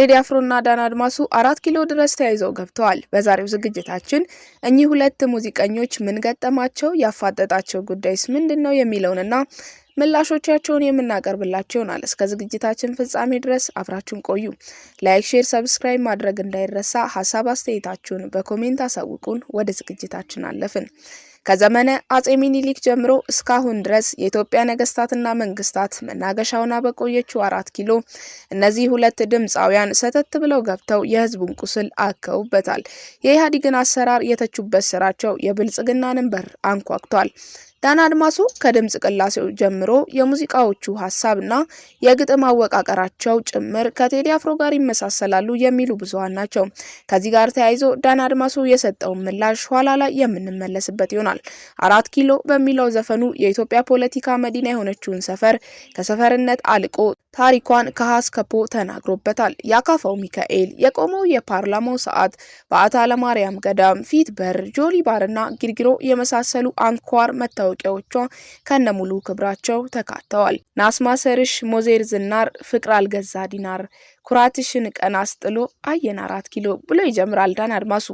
ቴዲ አፍሮና ዳን አድማሱ አራት ኪሎ ድረስ ተያይዘው ገብተዋል። በዛሬው ዝግጅታችን እኚህ ሁለት ሙዚቀኞች ምን ገጠማቸው፣ ያፋጠጣቸው ጉዳይስ ምንድን ነው የሚለውንና ምላሾቻቸውን የምናቀርብላቸው ይሆናል። እስከ ዝግጅታችን ፍጻሜ ድረስ አብራችሁን ቆዩ። ላይክ፣ ሼር፣ ሰብስክራይብ ማድረግ እንዳይረሳ። ሀሳብ አስተያየታችሁን በኮሜንት አሳውቁን። ወደ ዝግጅታችን አለፍን። ከዘመነ አጼ ሚኒሊክ ጀምሮ እስካሁን ድረስ የኢትዮጵያ ነገስታትና መንግስታት መናገሻውና በቆየችው አራት ኪሎ እነዚህ ሁለት ድምፃውያን ሰተት ብለው ገብተው የህዝቡን ቁስል አከውበታል። የኢህአዴግን አሰራር የተቹበት ስራቸው የብልጽግናን በር አንኳኩቷል። ዳን አድማሱ ከድምፅ ቅላሴው ጀምሮ የሙዚቃዎቹ ሀሳብና የግጥም አወቃቀራቸው ጭምር ከቴዲ አፍሮ ጋር ይመሳሰላሉ የሚሉ ብዙሀን ናቸው። ከዚህ ጋር ተያይዞ ዳን አድማሱ የሰጠውን ምላሽ ኋላ ላይ የምንመለስበት ይሆናል። አራት ኪሎ በሚለው ዘፈኑ የኢትዮጵያ ፖለቲካ መዲና የሆነችውን ሰፈር ከሰፈርነት አልቆ ታሪኳን ከሀስከፖ ተናግሮበታል። የአካፋው ሚካኤል፣ የቆመው የፓርላማው ሰዓት፣ በአታለማርያም ገዳም፣ ፊት በር፣ ጆሊ ባርና ጊርጊሮ የመሳሰሉ አንኳር መታወ ማስታወቂያዎቿ ከነሙሉ ክብራቸው ተካተዋል። ናስማ ሰርሽ፣ ሞዜር ዝናር፣ ፍቅር አልገዛ ዲናር፣ ኩራትሽን ቀና አስጥሎ አየን አራት ኪሎ ብሎ ይጀምራል ዳን አድማሱ።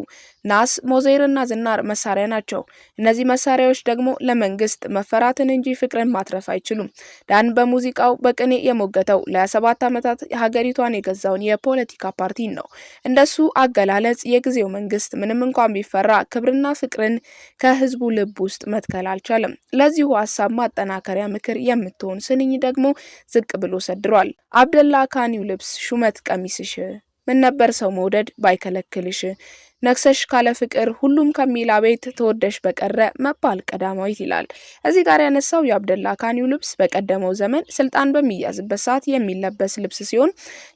ናስ ሞዘይርና ዝናር መሳሪያ ናቸው። እነዚህ መሳሪያዎች ደግሞ ለመንግስት መፈራትን እንጂ ፍቅርን ማትረፍ አይችሉም። ዳን በሙዚቃው በቅኔ የሞገተው ለሰባት ዓመታት ሀገሪቷን የገዛውን የፖለቲካ ፓርቲን ነው። እንደሱ አገላለጽ የጊዜው መንግስት ምንም እንኳን ቢፈራ ክብርና ፍቅርን ከህዝቡ ልብ ውስጥ መትከል አልቻለም። ለዚሁ ሀሳብ ማጠናከሪያ ምክር የምትሆን ስንኝ ደግሞ ዝቅ ብሎ ሰድሯል። አብደላ ካኒው ልብስ ሹመት ቀሚስሽ ምን ነበር ሰው መውደድ ባይከለክልሽ ነክሰሽ ካለ ፍቅር ሁሉም ከሚላ ቤት ተወደሽ በቀረ መባል ቀዳማዊት ይላል። እዚህ ጋር ያነሳው የአብደላ ካኒው ልብስ በቀደመው ዘመን ስልጣን በሚያዝበት ሰዓት የሚለበስ ልብስ ሲሆን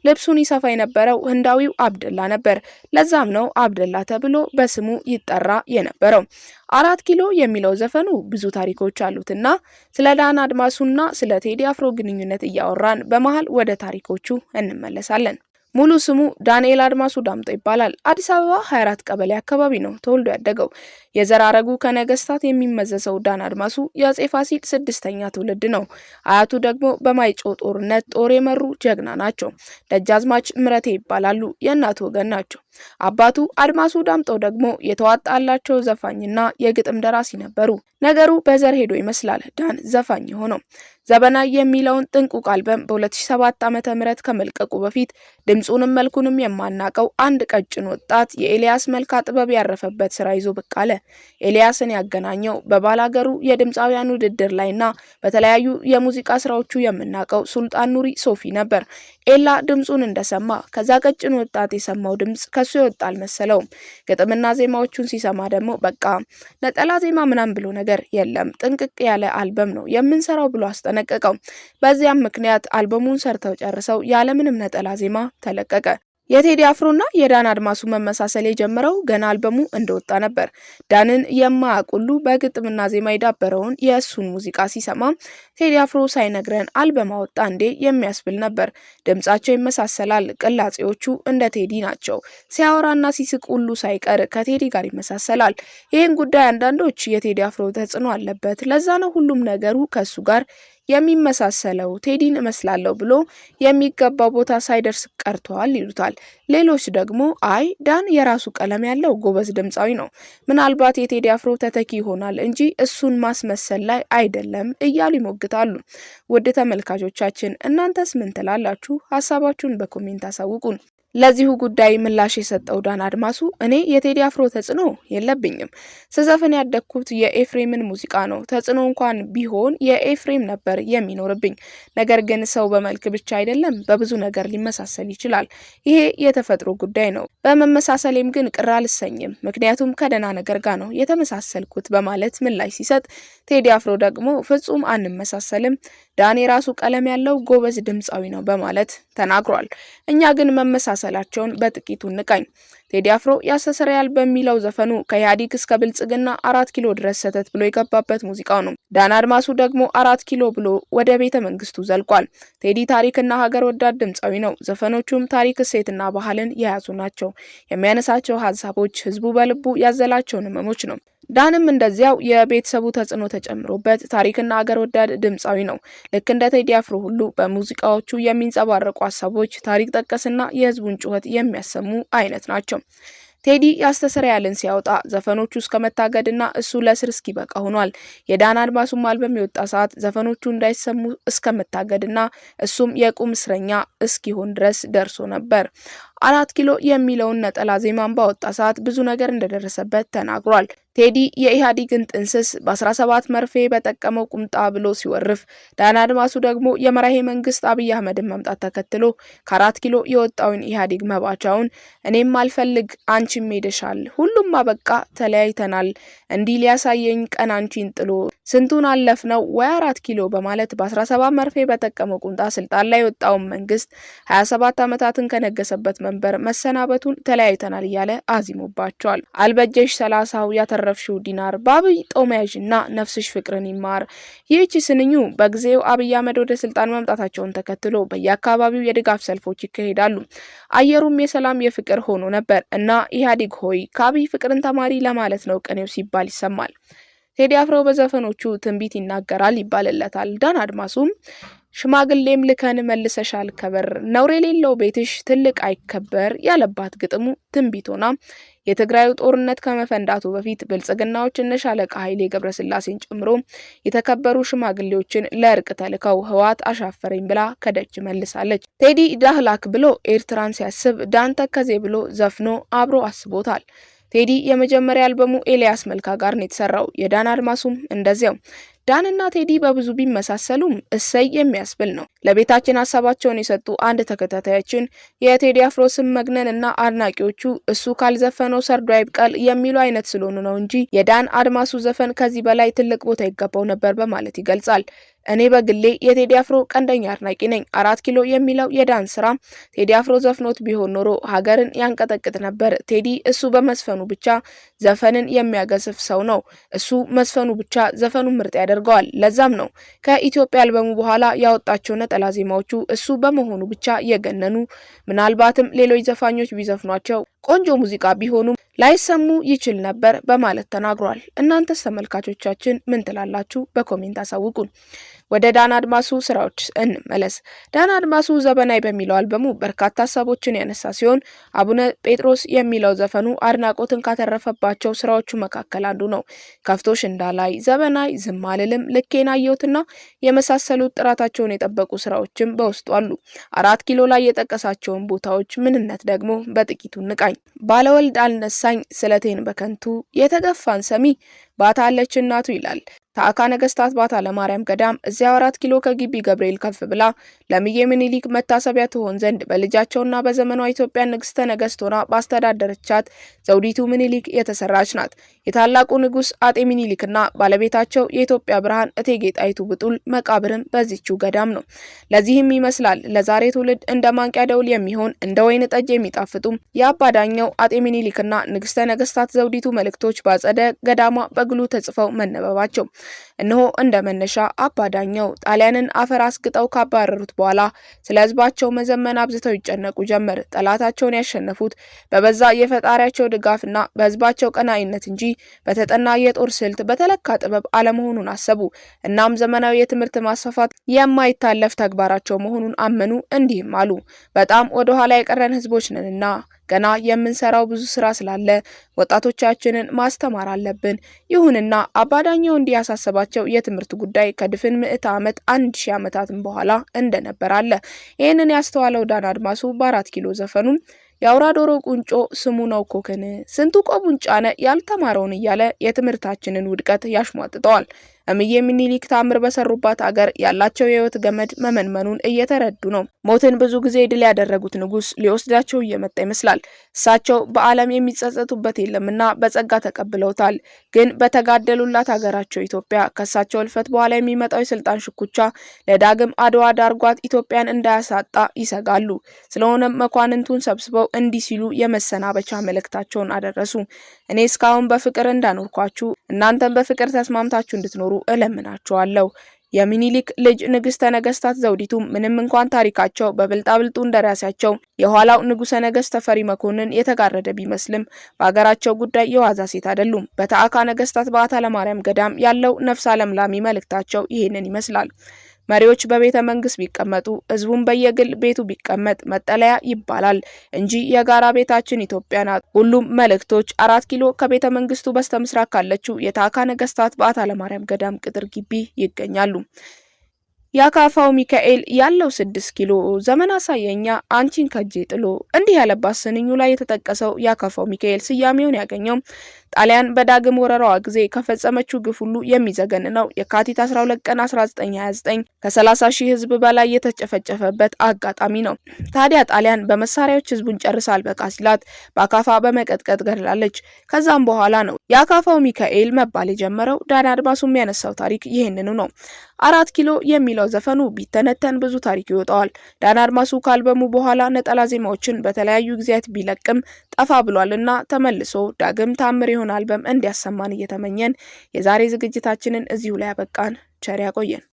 ልብሱን ይሰፋ የነበረው ህንዳዊው አብደላ ነበር። ለዛም ነው አብደላ ተብሎ በስሙ ይጠራ የነበረው። አራት ኪሎ የሚለው ዘፈኑ ብዙ ታሪኮች አሉትና ስለ ዳን አድማሱና ስለ ቴዲ አፍሮ ግንኙነት እያወራን በመሀል ወደ ታሪኮቹ እንመለሳለን። ሙሉ ስሙ ዳንኤል አድማሱ ዳምጦ ይባላል። አዲስ አበባ 24 ቀበሌ አካባቢ ነው ተወልዶ ያደገው። የዘራረጉ ከነገስታት የሚመዘሰው ዳን አድማሱ የአጼ ፋሲል ስድስተኛ ትውልድ ነው። አያቱ ደግሞ በማይጮ ጦርነት ጦር የመሩ ጀግና ናቸው። ደጃዝማች ምረቴ ይባላሉ። የእናት ወገን ናቸው። አባቱ አድማሱ ዳምጠው ደግሞ የተዋጣላቸው ዘፋኝና የግጥም ደራሲ ነበሩ። ነገሩ በዘር ሄዶ ይመስላል ዳን ዘፋኝ የሆነው። ዘበና የሚለውን ጥንቁቅ አልበም በ2007 ዓ ም ከመልቀቁ በፊት ድምፁንም መልኩንም የማናቀው አንድ ቀጭን ወጣት የኤልያስ መልካ ጥበብ ያረፈበት ስራ ይዞ ብቅ አለ። ኤልያስን ያገናኘው በባላገሩ የድምፃውያን ውድድር ላይና በተለያዩ የሙዚቃ ስራዎቹ የምናውቀው ሱልጣን ኑሪ ሶፊ ነበር። ኤላ ድምፁን እንደሰማ ከዛ ቀጭን ወጣት የሰማው ድምፅ ከሱ የወጣ አልመሰለውም። ግጥምና ዜማዎቹን ሲሰማ ደግሞ በቃ ነጠላ ዜማ ምናም ብሎ ነገር የለም ጥንቅቅ ያለ አልበም ነው የምንሰራው ብሎ አስጠነቀቀው። በዚያም ምክንያት አልበሙን ሰርተው ጨርሰው ያለምንም ነጠላ ዜማ ተለቀቀ። የቴዲ አፍሮና የዳን አድማሱ መመሳሰል የጀመረው ገና አልበሙ እንደወጣ ነበር። ዳንን የማያውቁሉ በግጥምና ዜማ የዳበረውን የእሱን ሙዚቃ ሲሰማም ቴዲ አፍሮ ሳይነግረን አልበም አወጣ እንዴ የሚያስብል ነበር። ድምጻቸው ይመሳሰላል። ቅላጼዎቹ እንደ ቴዲ ናቸው። ሲያወራና ሲስቅ ሁሉ ሳይቀር ከቴዲ ጋር ይመሳሰላል። ይህን ጉዳይ አንዳንዶች የቴዲ አፍሮ ተጽዕኖ አለበት፣ ለዛ ነው ሁሉም ነገሩ ከእሱ ጋር የሚመሳሰለው ቴዲን እመስላለሁ ብሎ የሚገባው ቦታ ሳይደርስ ቀርተዋል ይሉታል። ሌሎች ደግሞ አይ ዳን የራሱ ቀለም ያለው ጎበዝ ድምፃዊ ነው፣ ምናልባት የቴዲ አፍሮ ተተኪ ይሆናል እንጂ እሱን ማስመሰል ላይ አይደለም እያሉ ይሞግታሉ። ውድ ተመልካቾቻችን እናንተስ ምን ትላላችሁ? ሀሳባችሁን በኮሜንት አሳውቁን። ለዚሁ ጉዳይ ምላሽ የሰጠው ዳን አድማሱ እኔ የቴዲ አፍሮ ተጽዕኖ የለብኝም። ስዘፍን ያደግኩት የኤፍሬምን ሙዚቃ ነው። ተጽዕኖ እንኳን ቢሆን የኤፍሬም ነበር የሚኖርብኝ። ነገር ግን ሰው በመልክ ብቻ አይደለም፣ በብዙ ነገር ሊመሳሰል ይችላል። ይሄ የተፈጥሮ ጉዳይ ነው። በመመሳሰሌም ግን ቅር አልሰኝም፣ ምክንያቱም ከደህና ነገር ጋር ነው የተመሳሰልኩት በማለት ምላሽ ሲሰጥ፣ ቴዲ አፍሮ ደግሞ ፍጹም አንመሳሰልም ዳን የራሱ ቀለም ያለው ጎበዝ ድምፃዊ ነው በማለት ተናግሯል። እኛ ግን መመሳሰላቸውን በጥቂቱ እንቃኝ። ቴዲ አፍሮ ያስተሰርያል በሚለው ዘፈኑ ከኢህአዲግ እስከ ብልጽግና አራት ኪሎ ድረስ ሰተት ብሎ የገባበት ሙዚቃው ነው። ዳን አድማሱ ደግሞ አራት ኪሎ ብሎ ወደ ቤተ መንግስቱ ዘልቋል። ቴዲ ታሪክና ሀገር ወዳድ ድምፃዊ ነው። ዘፈኖቹም ታሪክ፣ እሴትና ባህልን የያዙ ናቸው። የሚያነሳቸው ሀሳቦች ህዝቡ በልቡ ያዘላቸውን ህመሞች ነው። ዳንም እንደዚያው የቤተሰቡ ተጽዕኖ ተጨምሮበት ታሪክና አገር ወዳድ ድምፃዊ ነው። ልክ እንደ ቴዲ አፍሮ ሁሉ በሙዚቃዎቹ የሚንጸባረቁ ሀሳቦች ታሪክ ጠቀስና የህዝቡን ጩኸት የሚያሰሙ አይነት ናቸው። ቴዲ ያስተሰርያልን ሲያወጣ ዘፈኖቹ እስከ መታገድና እሱ ለእስር እስኪበቃ ሆኗል። የዳን አድማሱም አልበም የወጣ ሰዓት ዘፈኖቹ እንዳይሰሙ እስከ መታገድና እሱም የቁም እስረኛ እስኪሆን ድረስ ደርሶ ነበር። አራት ኪሎ የሚለውን ነጠላ ዜማን ባወጣ ሰዓት ብዙ ነገር እንደደረሰበት ተናግሯል። ቴዲ የኢህአዴግን ጥንስስ በ17 መርፌ በጠቀመው ቁምጣ ብሎ ሲወርፍ፣ ዳና አድማሱ ደግሞ የመራሄ መንግስት አብይ አህመድን መምጣት ተከትሎ ከአራት ኪሎ የወጣውን ኢህአዴግ መባቻውን እኔም አልፈልግ አንቺም ሄደሻል፣ ሁሉም አበቃ፣ ተለያይተናል፣ እንዲህ ሊያሳየኝ ቀን አንቺን ጥሎ ስንቱን አለፍነው ወይ አራት ኪሎ በማለት በ17 መርፌ በጠቀመው ቁምጣ ስልጣን ላይ የወጣውን መንግስት 27 ዓመታትን ከነገሰበት መንበር መሰናበቱን ተለያይተናል እያለ አዚሞባቸዋል። አልበጀሽ ሰላሳው ያተረፍሽው ዲናር በአብይ እና ነፍስሽ ፍቅርን ይማር። ይህቺ ስንኙ በጊዜው አብይ አህመድ ወደ ስልጣን መምጣታቸውን ተከትሎ በየአካባቢው የድጋፍ ሰልፎች ይካሄዳሉ። አየሩም የሰላም የፍቅር ሆኖ ነበር እና ኢህአዴግ ሆይ ከአብይ ፍቅርን ተማሪ ለማለት ነው ቅኔው ሲባል ይሰማል። ቴዲ አፍሮ በዘፈኖቹ ትንቢት ይናገራል ይባልለታል። ዳን አድማሱም ሽማግሌም ልከን መልሰሽ አልከበር፣ ነውር የሌለው ቤትሽ ትልቅ አይከበር ያለባት ግጥሙ ትንቢት ሆና የትግራዩ ጦርነት ከመፈንዳቱ በፊት ብልጽግናዎች እነ ሻለቃ ኃይሌ ገብረስላሴን ጨምሮ የተከበሩ ሽማግሌዎችን ለእርቅ ተልከው ህወሓት አሻፈረኝ ብላ ከደጅ መልሳለች። ቴዲ ዳህላክ ብሎ ኤርትራን ሲያስብ ዳን ተከዜ ብሎ ዘፍኖ አብሮ አስቦታል። ቴዲ የመጀመሪያ አልበሙ ኤልያስ መልካ ጋር ነው የተሰራው። የዳን አድማሱም እንደዚያው። ዳንና ቴዲ በብዙ ቢመሳሰሉም እሰይ የሚያስብል ነው። ለቤታችን ሀሳባቸውን የሰጡ አንድ ተከታታያችን የቴዲ አፍሮ ስም መግነን እና አድናቂዎቹ እሱ ካልዘፈነው ሰርዶ አይብቀል የሚሉ አይነት ስለሆኑ ነው እንጂ የዳን አድማሱ ዘፈን ከዚህ በላይ ትልቅ ቦታ ይገባው ነበር በማለት ይገልጻል። እኔ በግሌ የቴዲ አፍሮ ቀንደኛ አድናቂ ነኝ። አራት ኪሎ የሚለው የዳን ስራ ቴዲ አፍሮ ዘፍኖት ቢሆን ኖሮ ሀገርን ያንቀጠቅጥ ነበር። ቴዲ እሱ በመስፈኑ ብቻ ዘፈንን የሚያገስፍ ሰው ነው። እሱ መስፈኑ ብቻ ዘፈኑን ምርጥ ያደርጋል። ያደርገዋል። ለዛም ነው ከኢትዮጵያ አልበሙ በኋላ ያወጣቸው ነጠላ ዜማዎቹ እሱ በመሆኑ ብቻ የገነኑ ምናልባትም ሌሎች ዘፋኞች ቢዘፍኗቸው ቆንጆ ሙዚቃ ቢሆኑም ላይሰሙ ይችል ነበር በማለት ተናግሯል። እናንተስ ተመልካቾቻችን ምን ትላላችሁ? በኮሜንት አሳውቁን። ወደ ዳን አድማሱ ስራዎች እንመለስ። ዳን አድማሱ ዘበናይ በሚለው አልበሙ በርካታ ሀሳቦችን ያነሳ ሲሆን አቡነ ጴጥሮስ የሚለው ዘፈኑ አድናቆትን ካተረፈባቸው ስራዎቹ መካከል አንዱ ነው። ከፍቶሽ እንዳላይ፣ ዘበናይ፣ ዝም አልልም፣ ልኬን አየሁትና የመሳሰሉት ጥራታቸውን የጠበቁ ስራዎችም በውስጡ አሉ። አራት ኪሎ ላይ የጠቀሳቸውን ቦታዎች ምንነት ደግሞ በጥቂቱ ንቃኝ። ባለወልድ አልነሳኝ፣ ስለቴን በከንቱ የተገፋን ሰሚ ባታ አለች እናቱ ይላል። ታዕካ ነገስታት ባታ ለማርያም ገዳም እዚያ አራት ኪሎ ከግቢ ገብርኤል ከፍ ብላ ለእምዬ ምኒልክ መታሰቢያ ትሆን ዘንድ በልጃቸውና በዘመኗ ኢትዮጵያ ንግስተ ነገስት ሆና ባስተዳደረቻት ዘውዲቱ ምኒልክ የተሰራች ናት። የታላቁ ንጉስ አጤ ምኒልክና ባለቤታቸው የኢትዮጵያ ብርሃን እቴጌ ጣይቱ ብጡል መቃብርም በዚችው ገዳም ነው። ለዚህም ይመስላል ለዛሬ ትውልድ እንደ ማንቂያ ደውል የሚሆን እንደ ወይን ጠጅ የሚጣፍጡም የአባዳኛው አጤ ምኒልክና ንግስተ ነገስታት ዘውዲቱ መልእክቶች ባጸደ ገዳሟ በትግሉ ተጽፈው መነበባቸው እነሆ እንደ መነሻ አባዳኛው ጣሊያንን አፈር አስግጠው ካባረሩት በኋላ ስለ ህዝባቸው መዘመን አብዝተው ይጨነቁ ጀመር። ጠላታቸውን ያሸነፉት በበዛ የፈጣሪያቸው ድጋፍና በህዝባቸው ቀናይነት እንጂ በተጠና የጦር ስልት በተለካ ጥበብ አለመሆኑን አሰቡ። እናም ዘመናዊ የትምህርት ማስፋፋት የማይታለፍ ተግባራቸው መሆኑን አመኑ። እንዲህም አሉ፣ በጣም ኋላ የቀረን ህዝቦች ነንና ገና የምንሰራው ብዙ ስራ ስላለ ወጣቶቻችንን ማስተማር አለብን። ይሁንና አባዳኘው እንዲያሳሰባቸው የትምህርት ጉዳይ ከድፍን ምዕተ ዓመት አንድ ሺህ ዓመታትን በኋላ እንደነበር አለ። ይህንን ያስተዋለው ዳን አድማሱ በአራት ኪሎ ዘፈኑን የአውራ ዶሮ ቁንጮ ስሙ ነው ኮክን ስንቱ ቆቡን ጫነ ያልተማረውን እያለ የትምህርታችንን ውድቀት ያሽሟጥጠዋል። እምዬ ምኒልክ ታምር በሰሩባት አገር ያላቸው የህይወት ገመድ መመንመኑን እየተረዱ ነው። ሞትን ብዙ ጊዜ ድል ያደረጉት ንጉስ ሊወስዳቸው እየመጣ ይመስላል። እሳቸው በዓለም የሚጸጸቱበት የለምና በጸጋ ተቀብለውታል። ግን በተጋደሉላት ሀገራቸው ኢትዮጵያ ከእሳቸው እልፈት በኋላ የሚመጣው የስልጣን ሽኩቻ ለዳግም አድዋ ዳርጓት ኢትዮጵያን እንዳያሳጣ ይሰጋሉ። ስለሆነም መኳንንቱን ሰብስበው እንዲህ ሲሉ የመሰናበቻ መልእክታቸውን አደረሱ። እኔ እስካሁን በፍቅር እንዳኖርኳችሁ እናንተም በፍቅር ተስማምታችሁ እንድትኖሩ እለምናችኋለሁ። የሚኒሊክ ልጅ ንግስተ ነገስታት ዘውዲቱ ምንም እንኳን ታሪካቸው በብልጣብልጡ እንደራሲያቸው የኋላው ንጉሰ ነገስት ተፈሪ መኮንን የተጋረደ ቢመስልም በሀገራቸው ጉዳይ የዋዛ ሴት አይደሉም። በተአካ ነገስታት በአታ ለማርያም ገዳም ያለው ነፍስ አለምላሚ መልእክታቸው ይህንን ይመስላል። መሪዎች በቤተ መንግስት ቢቀመጡ ህዝቡን በየግል ቤቱ ቢቀመጥ መጠለያ ይባላል እንጂ የጋራ ቤታችን ኢትዮጵያ ናት። ሁሉም መልእክቶች አራት ኪሎ ከቤተ መንግስቱ በስተ ምስራቅ ካለችው የታካ ነገስታት በዓታ ለማርያም ገዳም ቅጥር ግቢ ይገኛሉ። ያካፋው ሚካኤል ያለው ስድስት ኪሎ ዘመን አሳየኛ አንቺን ከጄ ጥሎ እንዲህ ያለባት ስንኙ ላይ የተጠቀሰው ያካፋው ሚካኤል ስያሜውን ያገኘው ጣሊያን በዳግም ወረራዋ ጊዜ ከፈጸመችው ግፍ ሁሉ የሚዘገን ነው። የካቲት 12 ቀን 1929 ከ30 ሺህ ህዝብ በላይ የተጨፈጨፈበት አጋጣሚ ነው። ታዲያ ጣሊያን በመሳሪያዎች ህዝቡን ጨርሳ አልበቃ ሲላት በአካፋ በመቀጥቀጥ ገድላለች። ከዛም በኋላ ነው የአካፋው ሚካኤል መባል የጀመረው። ዳን አድማሱ የሚያነሳው ታሪክ ይህንኑ ነው። አራት ኪሎ የሚለው በሚለው ዘፈኑ ቢተነተን ብዙ ታሪክ ይወጣዋል። ዳን አድማሱ ካልበሙ በኋላ ነጠላ ዜማዎችን በተለያዩ ጊዜያት ቢለቅም ጠፋ ብሏል እና ተመልሶ ዳግም ታምር የሆነ አልበም እንዲያሰማን እየተመኘን የዛሬ ዝግጅታችንን እዚሁ ላይ ያበቃን። ቸር ያቆየን።